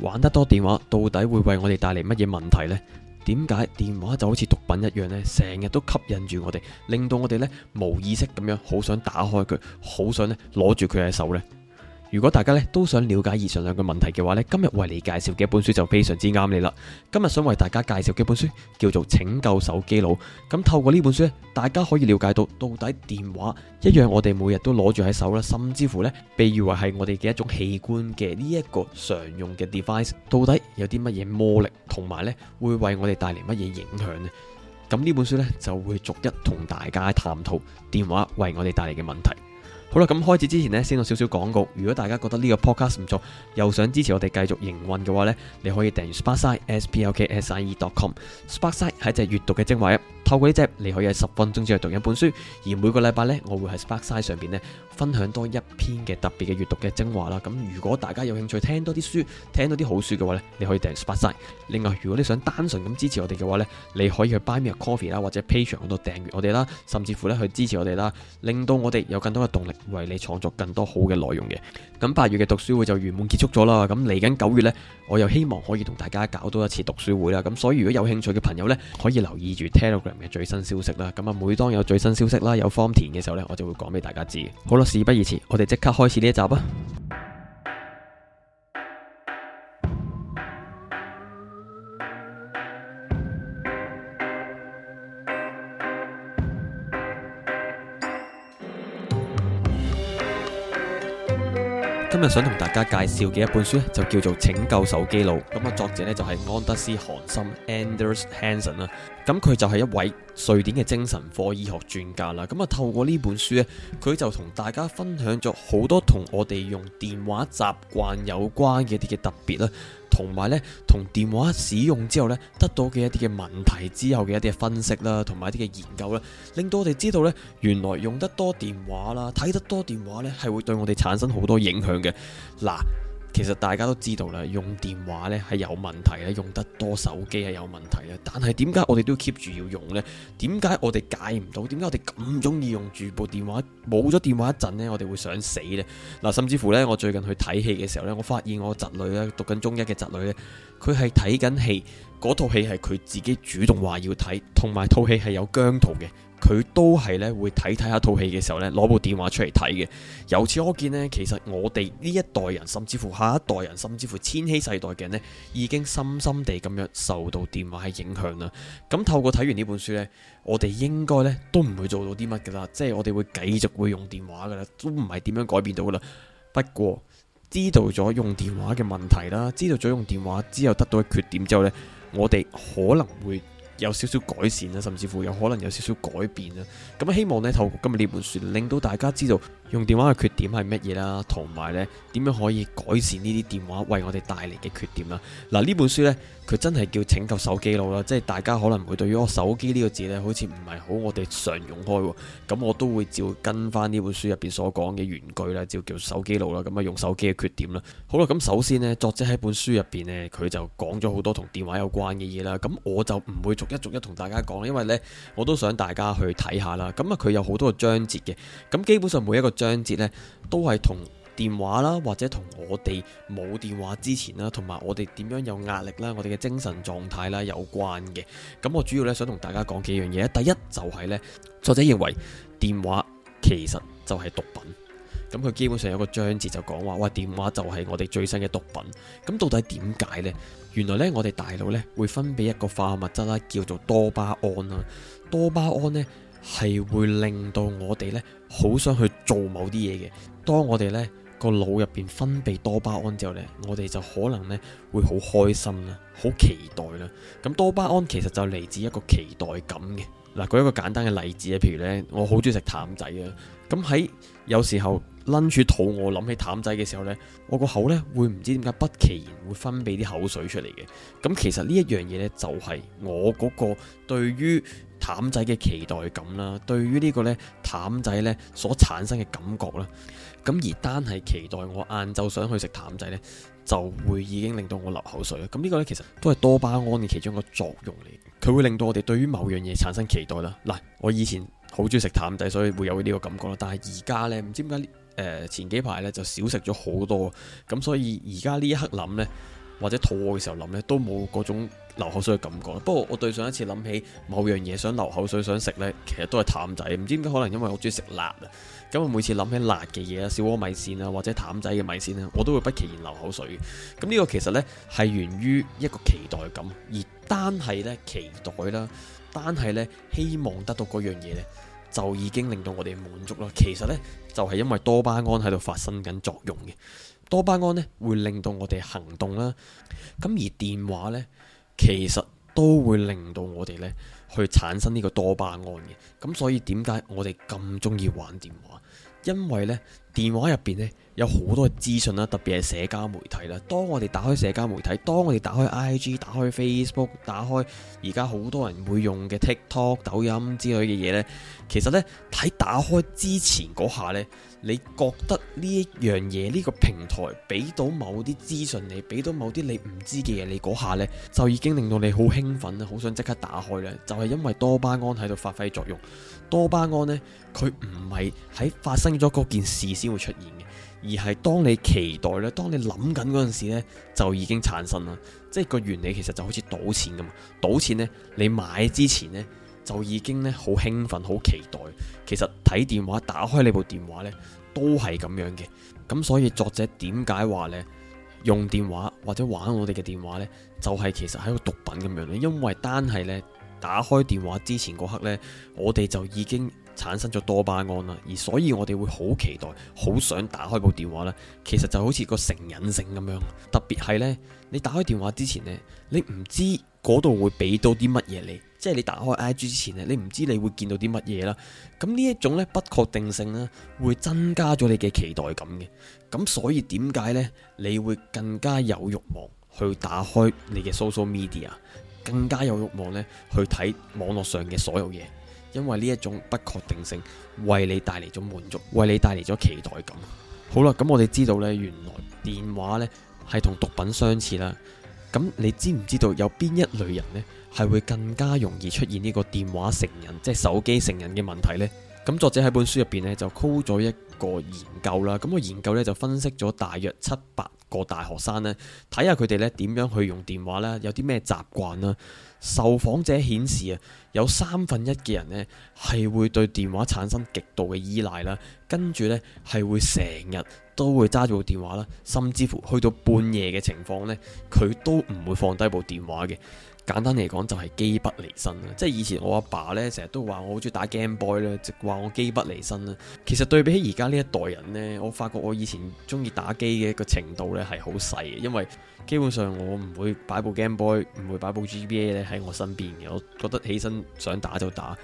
玩得多電話到底會為我哋帶嚟乜嘢問題呢？點解電話就好似毒品一樣呢，成日都吸引住我哋，令到我哋呢無意識咁樣好想打開佢，好想呢攞住佢嘅手呢？如果大家咧都想了解以上兩個問題嘅話咧，今日為你介紹嘅一本書就非常之啱你啦。今日想為大家介紹嘅一本書叫做《拯救手機腦》。咁透過呢本書咧，大家可以了解到到底電話一樣我哋每日都攞住喺手啦，甚至乎咧被譽為係我哋嘅一種器官嘅呢一個常用嘅 device，到底有啲乜嘢魔力，同埋咧會為我哋帶嚟乜嘢影響呢？咁呢本書咧就會逐一同大家探討電話為我哋帶嚟嘅問題。好啦，咁開始之前呢，先有少少廣告。如果大家覺得呢個 podcast 唔錯，又想支持我哋繼續營運嘅話呢，你可以訂閱 s p i c e s p k s i e c o m spicy 係一隻閲讀嘅精華。透過呢隻，你可以喺十分鐘之內讀一本書。而每個禮拜呢，我會喺 Spotify 上邊呢，分享多一篇嘅特別嘅閱讀嘅精華啦。咁如果大家有興趣聽多啲書，聽多啲好書嘅話呢，你可以訂 Spotify。另外，如果你想單純咁支持我哋嘅話呢，你可以去 Buy Me a Coffee 啦，或者 Patreon 嗰度訂閱我哋啦，甚至乎呢去支持我哋啦，令到我哋有更多嘅動力為你創作更多好嘅內容嘅。咁八月嘅讀書會就圓滿結束咗啦。咁嚟緊九月呢，我又希望可以同大家搞多一次讀書會啦。咁所以如果有興趣嘅朋友呢，可以留意住 Telegram。嘅最新消息啦，咁啊，每當有最新消息啦，有方田嘅時候呢，我就會講俾大家知。好啦，事不宜遲，我哋即刻開始呢一集啊！今日想同大家介紹嘅一本書就叫做《拯救手機佬》，咁啊，作者呢，就係安德斯韓森 （Anders h a n s o n 啦。咁佢就係一位瑞典嘅精神科醫學專家啦，咁啊，透過呢本書呢，佢就同大家分享咗好多同我哋用電話習慣有關嘅一啲嘅特別啦，同埋呢，同電話使用之後呢，得到嘅一啲嘅問題之後嘅一啲分析啦，同埋一啲嘅研究啦，令到我哋知道呢，原來用得多電話啦，睇得多電話呢，係會對我哋產生好多影響嘅，嗱。其實大家都知道啦，用電話呢係有問題咧，用得多手機係有問題嘅。但係點解我哋都 keep 住要用呢？點解我哋戒唔到？點解我哋咁中意用住部電話？冇咗電話一陣呢，我哋會想死咧。嗱，甚至乎呢，我最近去睇戲嘅時候呢，我發現我侄女呢，讀緊中一嘅侄女呢，佢係睇緊戲，嗰套戲係佢自己主動話要睇，同埋套戲係有姜濤嘅。佢都係咧會睇睇下套戲嘅時候咧，攞部電話出嚟睇嘅。由此可見呢，其實我哋呢一代人，甚至乎下一代人，甚至乎千禧世代嘅人呢，已經深深地咁樣受到電話嘅影響啦。咁透過睇完呢本書呢，我哋應該呢都唔會做到啲乜噶啦，即係我哋會繼續會用電話噶啦，都唔係點樣改變到噶啦。不過知道咗用電話嘅問題啦，知道咗用電話之後得到嘅缺點之後呢，我哋可能會。有少少改善啦，甚至乎有可能有少少改變啦。咁希望呢，透過今日呢本書令到大家知道。用電話嘅缺點係乜嘢啦？同埋呢點樣可以改善呢啲電話為我哋帶嚟嘅缺點啦？嗱、啊，呢本書呢，佢真係叫拯救手機佬啦！即係大家可能會對於我手機呢個字呢，好似唔係好我哋常用開喎。咁我都會照跟翻呢本書入邊所講嘅原句啦，照叫手機腦啦。咁啊，用手機嘅缺點啦。好啦，咁首先呢，作者喺本書入邊呢，佢就講咗好多同電話有關嘅嘢啦。咁我就唔會逐一逐一同大家講，因為呢，我都想大家去睇下啦。咁啊，佢有好多個章節嘅。咁基本上每一個章節咧，都係同電話啦，或者同我哋冇電話之前啦，同埋我哋點樣有壓力啦，我哋嘅精神狀態啦有關嘅。咁我主要呢，想同大家講幾樣嘢。第一就係呢，作者認為電話其實就係毒品。咁佢基本上有個章節就講話，哇！電話就係我哋最新嘅毒品。咁到底點解呢？原來呢，我哋大腦呢會分泌一個化學物質啦，叫做多巴胺啦。多巴胺呢。係會令到我哋呢好想去做某啲嘢嘅。當我哋呢個腦入邊分泌多巴胺之後呢，我哋就可能呢會好開心啦，好期待啦。咁多巴胺其實就嚟自一個期待感嘅。嗱，舉一個簡單嘅例子啊，譬如呢，我好中意食淡仔啊。咁喺有時候捻住肚餓諗起淡仔嘅時候呢，我個口呢會唔知點解不期然會分泌啲口水出嚟嘅。咁其實呢一樣嘢呢，就係、是、我嗰個對於。淡仔嘅期待感啦，對於呢個呢淡仔呢所產生嘅感覺啦，咁而單係期待我晏晝想去食淡仔呢，就會已經令到我流口水啦。咁、這、呢個呢，其實都係多巴胺嘅其中一個作用嚟，佢會令到我哋對於某樣嘢產生期待啦。嗱，我以前好中意食淡仔，所以會有呢個感覺啦。但係而家呢，唔知點解，誒、呃、前幾排呢就少食咗好多，咁所以而家呢一刻諗呢，或者肚餓嘅時候諗呢，都冇嗰種。流口水嘅感覺，不過，我對上一次諗起某樣嘢想流口水想食呢，其實都係譚仔。唔知點解可能因為我中意食辣啊，咁我每次諗起辣嘅嘢啊，小鍋米線啊，或者譚仔嘅米線啊，我都會不期然流口水。咁、這、呢個其實呢，係源於一個期待感，而單係呢，期待啦，單係呢，希望得到嗰樣嘢呢，就已經令到我哋滿足啦。其實呢，就係因為多巴胺喺度發生緊作用嘅，多巴胺呢，會令到我哋行動啦。咁而電話呢。其實都會令到我哋呢去產生呢個多巴胺嘅，咁所以點解我哋咁鍾意玩電話？因為呢。電話入邊呢，有好多嘅資訊啦，特別係社交媒體啦。當我哋打開社交媒體，當我哋打開 IG、打開 Facebook、打開而家好多人會用嘅 TikTok、抖音之類嘅嘢呢，其實呢，喺打開之前嗰下呢，你覺得呢一樣嘢呢個平台俾到某啲資訊你，俾到某啲你唔知嘅嘢，你嗰下呢，就已經令到你好興奮，好想即刻打開啦，就係因為多巴胺喺度發揮作用。多巴胺呢，佢唔係喺發生咗嗰件事先會出現嘅，而係當你期待咧，當你諗緊嗰陣時咧，就已經產生啦。即係個原理其實就好似賭錢咁啊！賭錢咧，你買之前呢，就已經咧好興奮、好期待。其實睇電話、打開你部電話呢，都係咁樣嘅。咁所以作者點解話呢？用電話或者玩我哋嘅電話呢，就係、是、其實係個毒品咁樣咧。因為單係呢，打開電話之前嗰刻呢，我哋就已經，產生咗多巴胺啦，而所以我哋會好期待、好想打開部電話咧。其實就好似個成癮性咁樣，特別係呢，你打開電話之前呢，你唔知嗰度會俾到啲乜嘢你，即係你打開 IG 之前呢，你唔知你會見到啲乜嘢啦。咁呢一種呢，不確定性呢，會增加咗你嘅期待感嘅。咁所以點解呢，你會更加有慾望去打開你嘅 social media，更加有慾望呢去睇網絡上嘅所有嘢。因為呢一種不確定性，為你帶嚟咗滿足，為你帶嚟咗期待感。好啦，咁我哋知道呢，原來電話呢係同毒品相似啦。咁你知唔知道有邊一類人呢係會更加容易出現呢個電話成癮，即係手機成癮嘅問題呢？咁作者喺本書入邊呢，就溝咗一個研究啦。咁個研究呢，就分析咗大約七八個大學生呢，睇下佢哋呢點樣去用電話咧，有啲咩習慣啦。受訪者顯示啊，有三分一嘅人咧，係會對電話產生極度嘅依賴啦，跟住咧係會成日都會揸住部電話啦，甚至乎去到半夜嘅情況咧，佢都唔會放低部電話嘅。簡單嚟講就係機不離身啦，即係以前我阿爸呢，成日都話我好中意打 Game Boy 呢，就話我機不離身啦。其實對比起而家呢一代人呢，我發覺我以前中意打機嘅個程度呢係好細嘅，因為基本上我唔會擺部 Game Boy，唔會擺部 GBA 呢喺我身邊嘅。我覺得起身想打就打。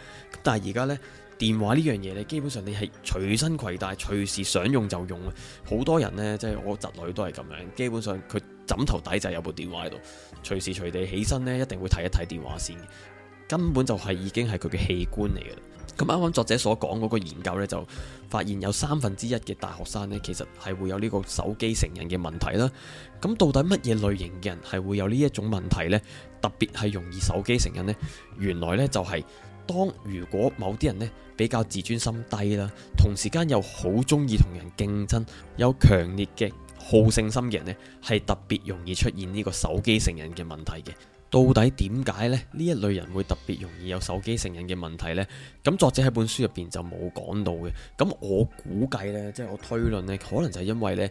但係而家呢，電話呢樣嘢呢，基本上你係隨身攜帶，隨時想用就用啊。好多人呢，即係我侄女都係咁樣，基本上佢。枕頭底就有部電話喺度，隨時隨地起身呢，一定會睇一睇電話先。根本就係已經係佢嘅器官嚟嘅。咁啱啱作者所講嗰個研究呢，就發現有三分之一嘅大學生呢，其實係會有呢個手機成癮嘅問題啦。咁到底乜嘢類型嘅人係會有呢一種問題呢？特別係容易手機成癮呢，原來呢就係當如果某啲人呢，比較自尊心低啦，同時間又好中意同人競爭，有強烈嘅。好勝心嘅人呢，係特別容易出現呢個手機成癮嘅問題嘅。到底點解呢？呢一類人會特別容易有手機成癮嘅問題呢？咁作者喺本書入邊就冇講到嘅。咁我估計呢，即係我推論呢，可能就係因為呢，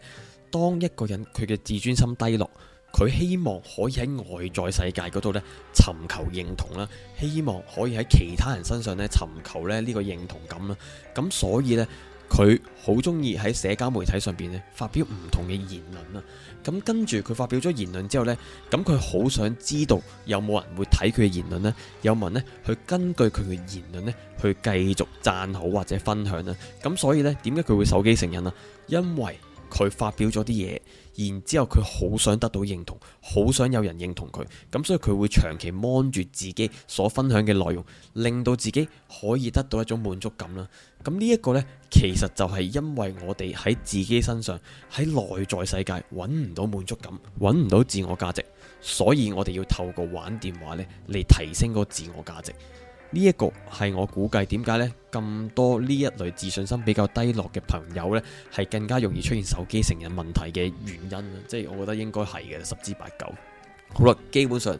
當一個人佢嘅自尊心低落，佢希望可以喺外在世界嗰度呢尋求認同啦，希望可以喺其他人身上呢尋求呢呢個認同感啦。咁所以呢。佢好中意喺社交媒體上邊咧發表唔同嘅言論啊，咁跟住佢發表咗言論之後呢，咁佢好想知道有冇人會睇佢嘅言論呢，有冇人呢去根據佢嘅言論呢去繼續讚好或者分享呢？咁所以呢，點解佢會手機成癮啊？因為佢發表咗啲嘢，然之後佢好想得到認同，好想有人認同佢咁，所以佢會長期 mon 住自己所分享嘅內容，令到自己可以得到一種滿足感啦。咁呢一個呢，其實就係因為我哋喺自己身上喺內在世界揾唔到滿足感，揾唔到自我價值，所以我哋要透過玩電話咧嚟提升嗰個自我價值。呢一個係我估計點解呢？咁多呢一類自信心比較低落嘅朋友呢，係更加容易出現手機成癮問題嘅原因。即係我覺得應該係嘅，十之八九。好啦，基本上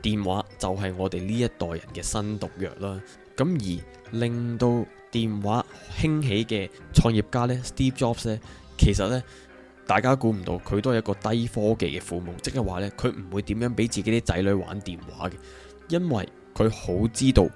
電話就係我哋呢一代人嘅新毒藥啦。咁而令到電話興起嘅創業家呢 Steve Jobs 呢，其實呢，大家估唔到佢都係一個低科技嘅父母，即係話呢，佢唔會點樣俾自己啲仔女玩電話嘅，因為，佢好知道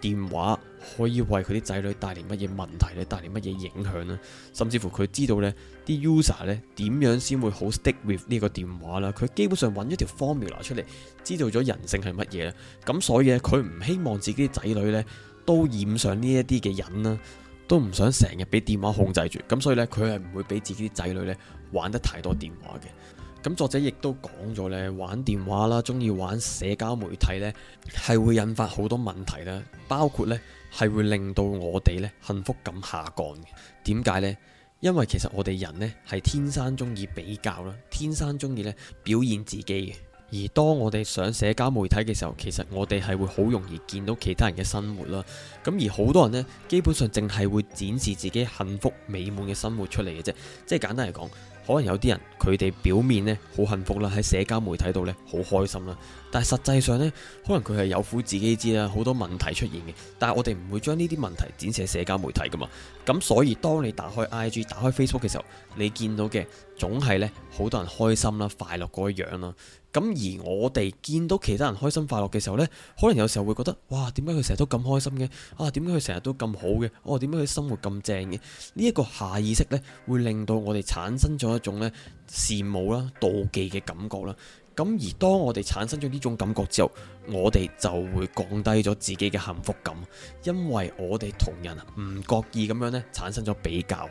電話可以為佢啲仔女帶嚟乜嘢問題咧，帶嚟乜嘢影響咧，甚至乎佢知道呢啲 user 咧，點樣先會好 stick with 呢個電話啦。佢基本上揾咗條 formula 出嚟，知道咗人性係乜嘢。咁所以咧，佢唔希望自己啲仔女咧都染上呢一啲嘅癮啦，都唔想成日俾電話控制住。咁所以咧，佢係唔會俾自己啲仔女咧玩得太多電話嘅。咁作者亦都講咗咧，玩電話啦，中意玩社交媒體咧，係會引發好多問題啦，包括咧係會令到我哋咧幸福感下降嘅。點解呢？因為其實我哋人呢係天生中意比較啦，天生中意咧表現自己嘅。而當我哋上社交媒體嘅時候，其實我哋係會好容易見到其他人嘅生活啦。咁而好多人呢，基本上淨係會展示自己幸福美滿嘅生活出嚟嘅啫。即係簡單嚟講。可能有啲人佢哋表面呢，好幸福啦，喺社交媒體度呢，好開心啦，但係實際上呢，可能佢係有苦自己知啦，好多問題出現嘅，但係我哋唔會將呢啲問題展示喺社交媒體噶嘛，咁所以當你打開 IG、打開 Facebook 嘅時候，你見到嘅總係呢，好多人開心啦、快樂嗰樣啦。咁而我哋見到其他人開心快樂嘅時候呢，可能有時候會覺得，哇！點解佢成日都咁開心嘅？啊，點解佢成日都咁好嘅？哦、啊，點解佢生活咁正嘅？呢、這、一個下意識呢，會令到我哋產生咗一種呢羨慕啦、妒忌嘅感覺啦。咁、啊、而當我哋產生咗呢種感覺之後，我哋就會降低咗自己嘅幸福感，因為我哋同人唔覺意咁樣呢產生咗比較，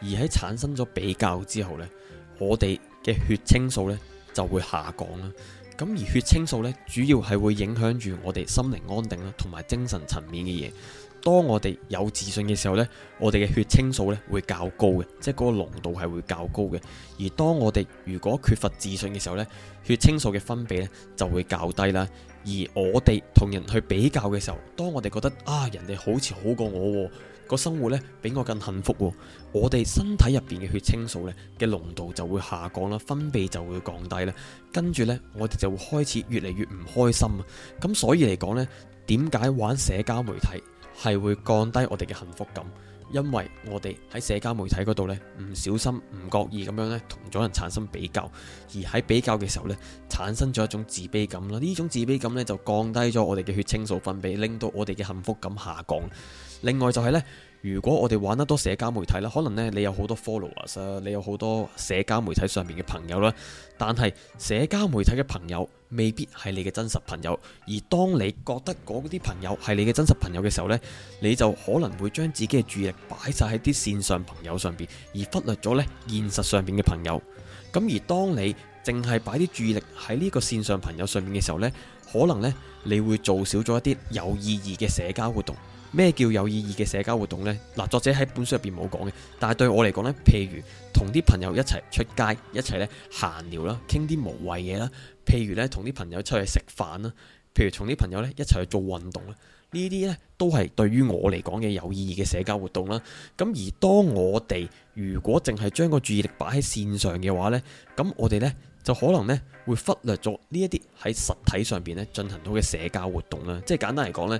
而喺產生咗比較之後呢，我哋嘅血清素呢。就會下降啦。咁而血清素呢，主要係會影響住我哋心靈安定啦、同埋精神層面嘅嘢。當我哋有自信嘅時候呢，我哋嘅血清素呢會較高嘅，即係嗰個濃度係會較高嘅。而當我哋如果缺乏自信嘅時候呢，血清素嘅分泌呢就會較低啦。而我哋同人去比較嘅時候，當我哋覺得啊，人哋好似好過我哦，個生活咧比我更幸福。我哋身體入邊嘅血清素咧嘅濃度就會下降啦，分泌就會降低啦。跟住咧，我哋就會開始越嚟越唔開心啊。咁所以嚟講咧，點解玩社交媒體係會降低我哋嘅幸福感？因為我哋喺社交媒體嗰度咧，唔小心、唔覺意咁樣咧，同咗人產生比較，而喺比較嘅時候咧，產生咗一種自卑感啦。呢種自卑感咧，就降低咗我哋嘅血清素分泌，令到我哋嘅幸福感下降。另外就係呢，如果我哋玩得多社交媒體啦，可能呢你有好多 followers，你有好多社交媒體上面嘅朋友啦。但係社交媒體嘅朋友未必係你嘅真實朋友，而當你覺得嗰啲朋友係你嘅真實朋友嘅時候呢，你就可能會將自己嘅注意力擺晒喺啲線上朋友上邊，而忽略咗呢現實上邊嘅朋友。咁而當你淨係擺啲注意力喺呢個線上朋友上面嘅時候呢，可能呢，你會做少咗一啲有意義嘅社交活動。咩叫有意義嘅社交活動呢？嗱，作者喺本書入邊冇講嘅，但係對我嚟講咧，譬如同啲朋友一齊出街，一齊咧閒聊啦，傾啲無謂嘢啦；譬如咧同啲朋友出去食飯啦；譬如同啲朋友咧一齊去做運動啦。呢啲咧都係對於我嚟講嘅有意義嘅社交活動啦。咁而當我哋如果淨係將個注意力擺喺綫上嘅話呢，咁我哋呢。就可能呢會忽略咗呢一啲喺實體上邊呢進行到嘅社交活動啦。即係簡單嚟講呢，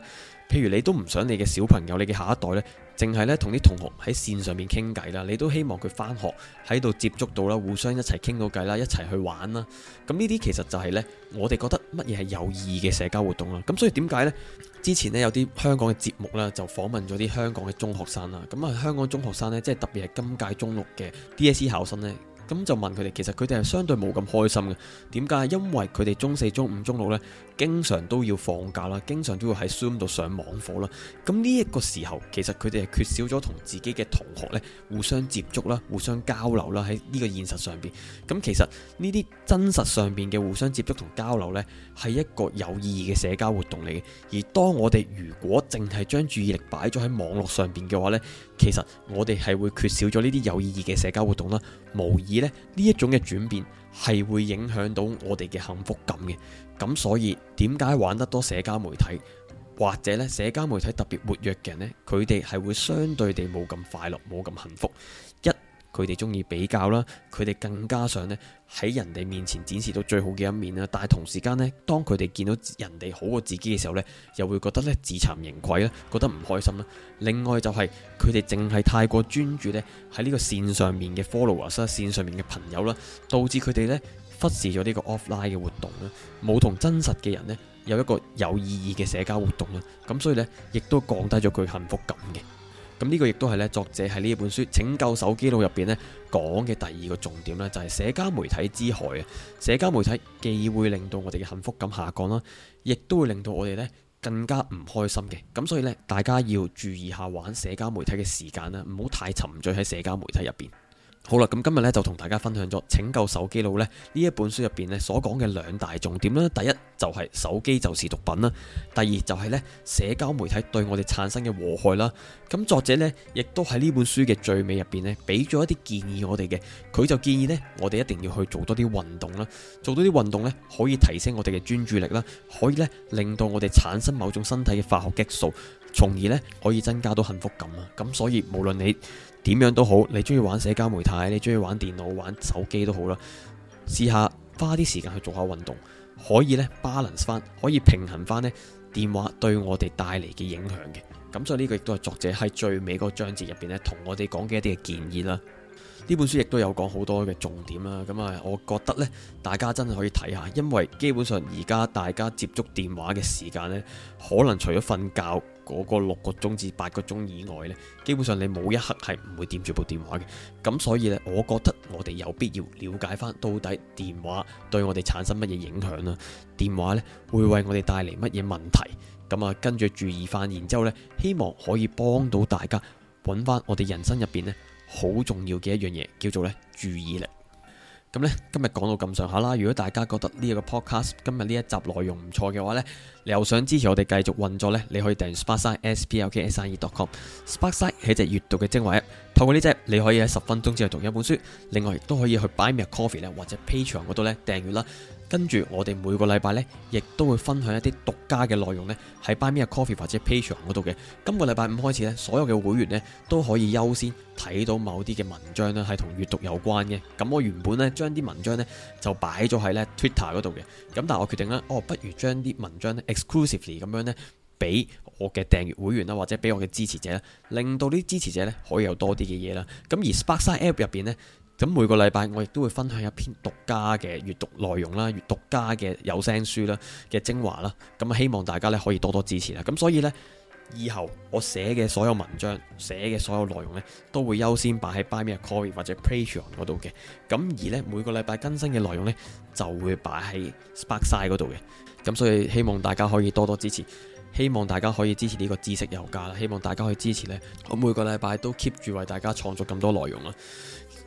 譬如你都唔想你嘅小朋友、你嘅下一代呢淨係呢同啲同學喺線上面傾偈啦，你都希望佢翻學喺度接觸到啦，互相一齊傾到偈啦，一齊去玩啦。咁呢啲其實就係呢我哋覺得乜嘢係有意義嘅社交活動啦。咁所以點解呢，之前呢有啲香港嘅節目啦，就訪問咗啲香港嘅中學生啦。咁啊，香港中學生呢，即係特別係今屆中六嘅 DSE 考生呢咁就問佢哋，其實佢哋係相對冇咁開心嘅，點解？因為佢哋中四、中五、中六呢。經常都要放假啦，經常都要喺 Zoom 度上網課啦。咁呢一個時候，其實佢哋係缺少咗同自己嘅同學呢互相接觸啦、互相交流啦，喺呢個現實上邊。咁其實呢啲真實上邊嘅互相接觸同交流呢，係一個有意義嘅社交活動嚟嘅。而當我哋如果淨係將注意力擺咗喺網絡上邊嘅話呢，其實我哋係會缺少咗呢啲有意義嘅社交活動啦。無疑呢，呢一種嘅轉變，係會影響到我哋嘅幸福感嘅，咁所以點解玩得多社交媒體，或者呢社交媒體特別活躍嘅人呢，佢哋係會相對地冇咁快樂，冇咁幸福。佢哋鍾意比較啦，佢哋更加想呢喺人哋面前展示到最好嘅一面啦。但係同時間呢，當佢哋見到人哋好過自己嘅時候呢，又會覺得呢自慚形穢啦，覺得唔開心啦。另外就係佢哋淨係太過專注呢喺呢個線上面嘅 followers、線上面嘅朋友啦，導致佢哋呢忽視咗呢個 offline 嘅活動啦，冇同真實嘅人呢，有一個有意義嘅社交活動啦。咁所以呢，亦都降低咗佢幸福感嘅。咁、這、呢個亦都係咧，作者喺呢一本書《拯救手機腦》入邊呢講嘅第二個重點呢就係社交媒體之害啊！社交媒體既會令到我哋嘅幸福感下降啦，亦都會令到我哋呢更加唔開心嘅。咁所以呢，大家要注意下玩社交媒體嘅時間啦，唔好太沉醉喺社交媒體入邊。好啦，咁今日咧就同大家分享咗《拯救手機腦》呢。呢一本書入邊咧所講嘅兩大重點啦。第一就係手機就是毒品啦，第二就係呢社交媒體對我哋產生嘅禍害啦。咁作者呢，亦都喺呢本書嘅最尾入邊呢，俾咗一啲建議我哋嘅。佢就建議呢，我哋一定要去做多啲運動啦，做多啲運動呢，可以提升我哋嘅專注力啦，可以呢令到我哋產生某種身體嘅化學激素，從而呢可以增加到幸福感啊。咁所以無論你點樣都好，你中意玩社交媒體，你中意玩電腦、玩手機都好啦。試下花啲時間去做下運動，可以呢 balance 翻，可以平衡翻呢電話對我哋帶嚟嘅影響嘅。咁所以呢個亦都係作者喺最尾嗰章節入邊呢同我哋講嘅一啲嘅建議啦。呢本書亦都有講好多嘅重點啦。咁啊，我覺得呢，大家真係可以睇下，因為基本上而家大家接觸電話嘅時間呢，可能除咗瞓覺。嗰個六個鐘至八個鐘以外呢，基本上你冇一刻係唔會掂住部電話嘅。咁所以呢，我覺得我哋有必要了解翻到底電話對我哋產生乜嘢影響啊。電話呢會為我哋帶嚟乜嘢問題？咁啊，跟住注意翻，然之後呢，希望可以幫到大家揾翻我哋人生入邊呢好重要嘅一樣嘢，叫做呢注意力。咁咧，今日講到咁上下啦。如果大家覺得呢個 podcast 今日呢一集內容唔錯嘅話呢，你又想支持我哋繼續運作呢？你可以訂閱 sparkside.spkside.com。Sparkside 係隻閱讀嘅精華 App。透過呢隻，你可以喺十分鐘之後讀一本書，另外亦都可以去 Buy Me A Coffee 咧，或者 Patreon 嗰度咧訂閱啦。跟住我哋每個禮拜咧，亦都會分享一啲獨家嘅內容咧，喺 Buy Me A Coffee 或者 Patreon 嗰度嘅。今個禮拜五開始咧，所有嘅會員咧都可以優先睇到某啲嘅文章咧，係同閱讀有關嘅。咁我原本咧將啲文章咧就擺咗喺咧 Twitter 嗰度嘅，咁但係我決定咧，我，哦，不如將啲文章呢，exclusively 咁樣咧。俾我嘅訂閱會員啦，或者俾我嘅支持者咧，令到啲支持者呢可以有多啲嘅嘢啦。咁而 Sparkside App 入邊呢，咁每個禮拜我亦都會分享一篇獨家嘅閱讀內容啦，閱讀家嘅有聲書啦嘅精華啦。咁希望大家呢可以多多支持啦。咁所以呢，以後我寫嘅所有文章、寫嘅所有內容呢，都會優先擺喺 Buy Me a Coffee 或者 Patreon 嗰度嘅。咁而呢，每個禮拜更新嘅內容呢，就會擺喺 Sparkside 嗰度嘅。咁所以希望大家可以多多支持。希望大家可以支持呢個知識油價啦！希望大家可以支持呢。我每個禮拜都 keep 住為大家創作咁多內容啦～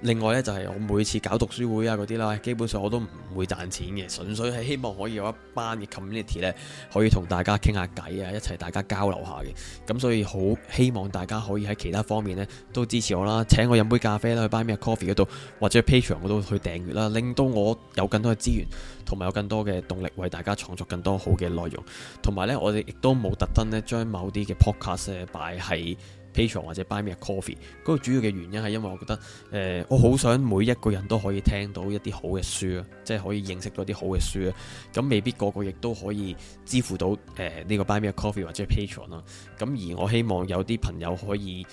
另外呢，就係我每次搞讀書會啊嗰啲啦，基本上我都唔會賺錢嘅，純粹係希望可以有一班嘅 community 呢可以同大家傾下偈啊，一齊大家交流下嘅。咁所以好希望大家可以喺其他方面呢，都支持我啦，請我飲杯咖啡啦，去 Buy Me A Coffee 嗰度，或者 Patreon 嗰度去訂閱啦，令到我有更多嘅資源，同埋有更多嘅動力為大家創作更多好嘅內容。同埋呢，我哋亦都冇特登呢，將某啲嘅 podcast 擺喺 Patreon 或者 Buy Me a Coffee 嗰個主要嘅原因係因為我覺得，呃、我好想每一個人都可以聽到一啲好嘅書啊，即係可以認識到啲好嘅書啊。咁未必個個亦都可以支付到誒呢、呃呢個 Buy Me a Coffee 或者 Patreon 啊。咁而我希望有啲朋友可以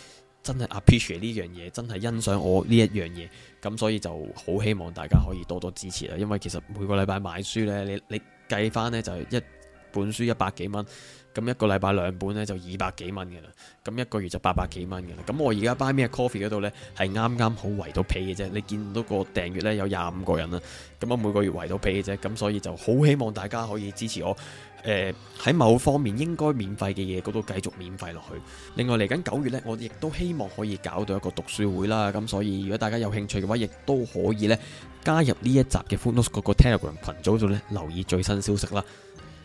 真係 appreciate 呢樣嘢，真係欣賞我呢一樣嘢。咁所以就好希望大家可以多多支持啦。因為其實每個禮拜買書呢，你你計翻呢就係一本書一百幾蚊，咁一個禮拜兩本呢就二百幾蚊嘅啦，咁一個月就八百幾蚊嘅啦。咁我而家 Buy Me a Coffee 嗰度呢，係啱啱好維到皮嘅啫，你見到個訂閱呢有廿五個人啦，咁啊每個月維到皮嘅啫，咁所以就好希望大家可以支持我，誒、呃、喺某方面應該免費嘅嘢嗰度繼續免費落去。另外嚟緊九月呢，我亦都希望可以搞到一個讀書會啦，咁所以如果大家有興趣嘅話，亦都可以呢加入呢一集嘅 Food Notes 嗰個 Telegram 群組度呢，留意最新消息啦。